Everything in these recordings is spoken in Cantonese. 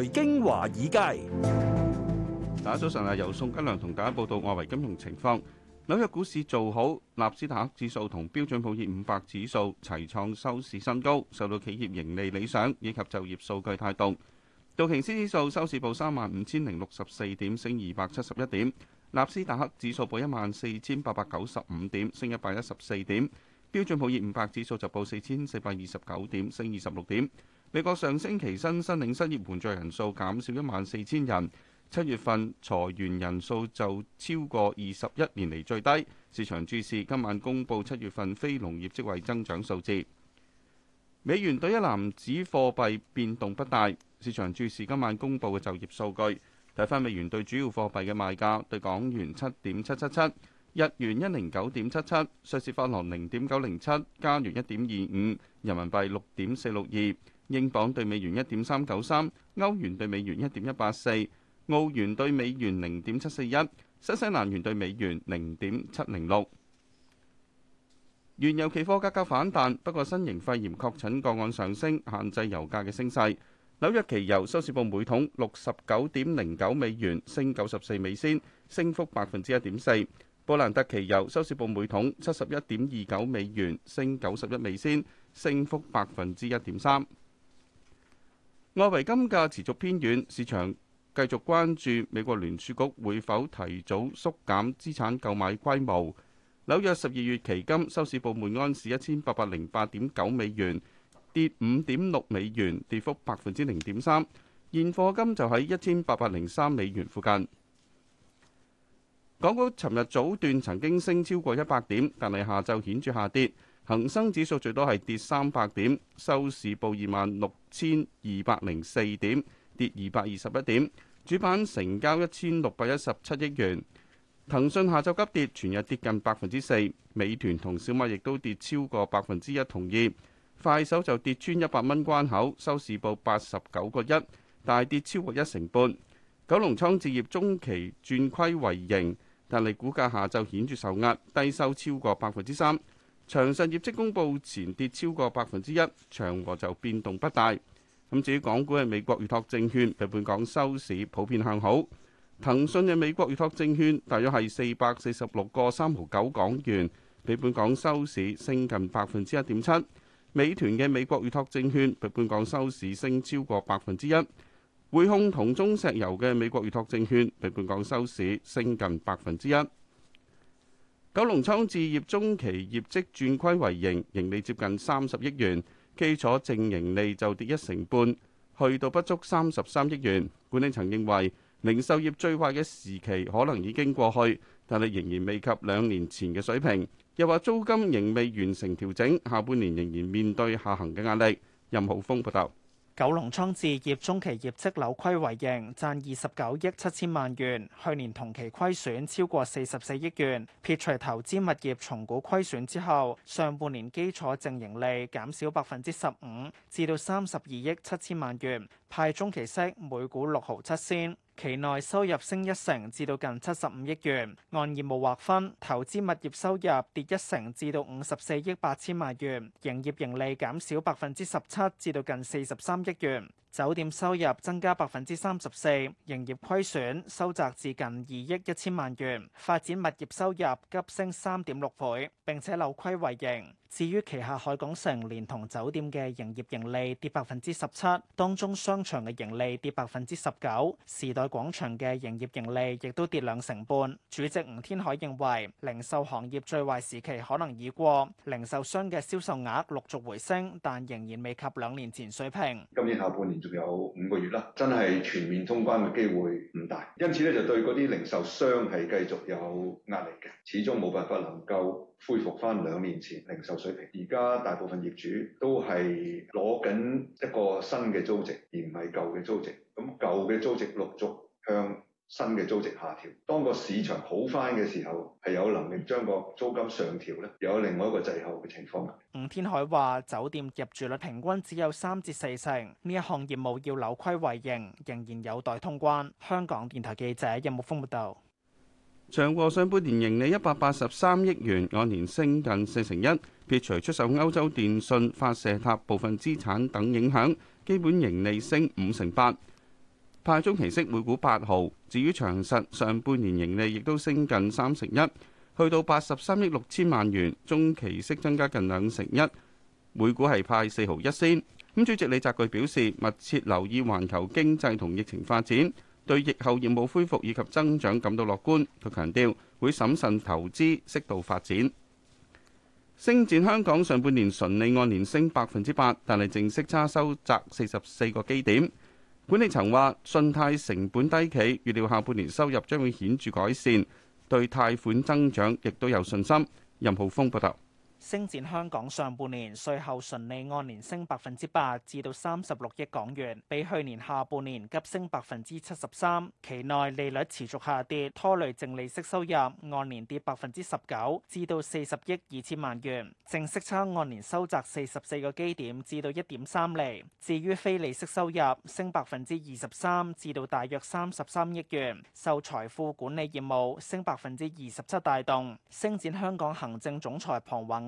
財經華爾街，大早晨啊！由宋吉良同大家報道外圍金融情況。紐約股市做好，納斯達克指數同標準普爾五百指數齊創收市新高，受到企業盈利理想以及就業數據帶動。道瓊斯指數收市報三萬五千零六十四點，升二百七十一點；納斯達克指數報一萬四千八百九十五點，升一百一十四點。標準普爾五百指數就報四千四百二十九點，升二十六點。美國上星期新申領失業援助人數減少一萬四千人，七月份裁員人數就超過二十一年嚟最低。市場注視今晚公布七月份非農業職位增長數字。美元兌一籃子貨幣變動不大，市場注視今晚公布嘅就業數據。睇返美元兌主要貨幣嘅賣價，對港元七點七七七。日元一零九點七七，瑞士法郎零點九零七，加元一點二五，人民幣六點四六二，英鎊對美元一點三九三，歐元對美元一點一八四，澳元對美元零點七四一，新西蘭元對美元零點七零六。原油期貨價格反彈，不過新型肺炎確診個案上升，限制油價嘅升勢。紐約期油收市報每桶六十九點零九美元，升九十四美仙，升幅百分之一點四。布蘭特期油收市報每桶七十一點二九美元，升九十一美仙，升幅百分之一點三。外圍金價持續偏軟，市場繼續關注美國聯儲局會否提早縮減資產購買規模。紐約十二月期金收市報每安士一千八百零八點九美元，跌五點六美元，跌幅百分之零點三。現貨金就喺一千八百零三美元附近。港股尋日早段曾經升超過一百點，但係下晝顯著下跌。恒生指數最多係跌三百點，收市報二萬六千二百零四點，跌二百二十一點。主板成交一千六百一十七億元。騰訊下晝急跌，全日跌近百分之四。美團同小米亦都跌超過百分之一同二。快手就跌穿一百蚊關口，收市報八十九個一，大跌超過一成半。九龍倉置業中期轉虧為盈。但係，股價下晝顯著受壓，低收超過百分之三。長實業績公佈前跌超過百分之一，長和就變動不大。咁至於港股嘅美國預託證券，比本港收市普遍向好。騰訊嘅美國預託證券大約係四百四十六個三毫九港元，比本港收市升近百分之一點七。美團嘅美國預託證券比本港收市升超過百分之一。匯控同中石油嘅美國預託證券比本港收市升近百分之一。九龍倉置業中期業績轉虧為盈，盈利接近三十億元，基礎淨盈利就跌一成半，去到不足三十三億元。管理層認為零售業最壞嘅時期可能已經過去，但係仍然未及兩年前嘅水平。又話租金仍未完成調整，下半年仍然面對下行嘅壓力。任浩峰報道。九龍倉置業中期業績扭虧為盈，賺二十九億七千萬元，去年同期虧損超過四十四億元。撇除投資物業重估虧損之後，上半年基礎淨盈利減少百分之十五，至到三十二億七千萬元，派中期息每股六毫七仙。期內收入升一成，至到近七十五億元。按業務劃分，投資物業收入跌一成，至到五十四億八千萬元。營業盈利減少百分之十七，至到近四十三億元。酒店收入增加百分之三十四，營業虧損收窄至近二億一千萬元。發展物業收入急升三點六倍，並且扭虧為盈。至於旗下海港城連同酒店嘅營業盈利跌百分之十七，當中商場嘅盈利跌百分之十九。時代廣場嘅營業盈利亦都跌兩成半。主席吳天海認為，零售行業最壞時期可能已過，零售商嘅銷售額陸續回升，但仍然未及兩年前水平。今年下半年。仲有五個月啦，真係全面通關嘅機會唔大，因此咧就對嗰啲零售商係繼續有壓力嘅，始終冇辦法能夠恢復翻兩年前零售水平。而家大部分業主都係攞緊一個新嘅租值，而唔係舊嘅租值。咁舊嘅租值陸續向新嘅租值下調，當個市場好翻嘅時候，係有能力將個租金上調呢，有另外一個滯後嘅情況。吳天海話：酒店入住率平均只有三至四成，呢一項業務要扭虧為盈，仍然有待通關。香港電台記者任木峰報道。長和上半年盈利一百八十三億元，按年升近四成一，撇除出售歐洲電信發射塔部分資產等影響，基本盈利升五成八。派中期息每股八毫，至於長實上半年盈利亦都升近三成一，去到八十三億六千萬元，中期息增加近兩成一，每股係派四毫一仙。咁主席李澤鉅表示，密切留意環球經濟同疫情發展，對疫後業務恢復以及增長感到樂觀。佢強調會審慎投資，適度發展。星展香港上半年純利按年升百分之八，但係淨息差收窄四十四個基點。管理層話：信貸成本低企，預料下半年收入將會顯著改善，對貸款增長亦都有信心。任浩峰報道。升展香港上半年稅後純利按年升百分之八，至到三十六億港元，比去年下半年急升百分之七十三。期內利率持續下跌，拖累淨利息收入按年跌百分之十九，至到四十億二千萬元。淨息差按年收窄四十四個基點，至到一點三厘。至於非利息收入升百分之二十三，至到大約三十三億元，受財富管理業務升百分之二十七帶動。升展香港行政總裁龐宏。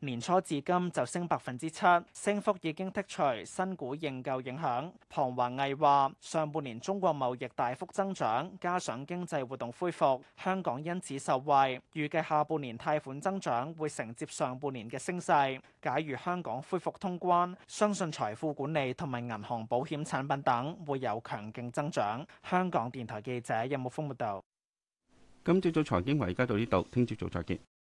年初至今就升百分之七，升幅已經剔除新股認購影響。龐華毅話：上半年中國貿易大幅增長，加上經濟活動恢復，香港因此受惠。預計下半年貸款增長會承接上半年嘅升勢。假如香港恢復通關，相信財富管理同埋銀行保險產品等會有強勁增長。香港電台記者任木峰報道。今朝早財經華爾街到呢度，聽朝早再見。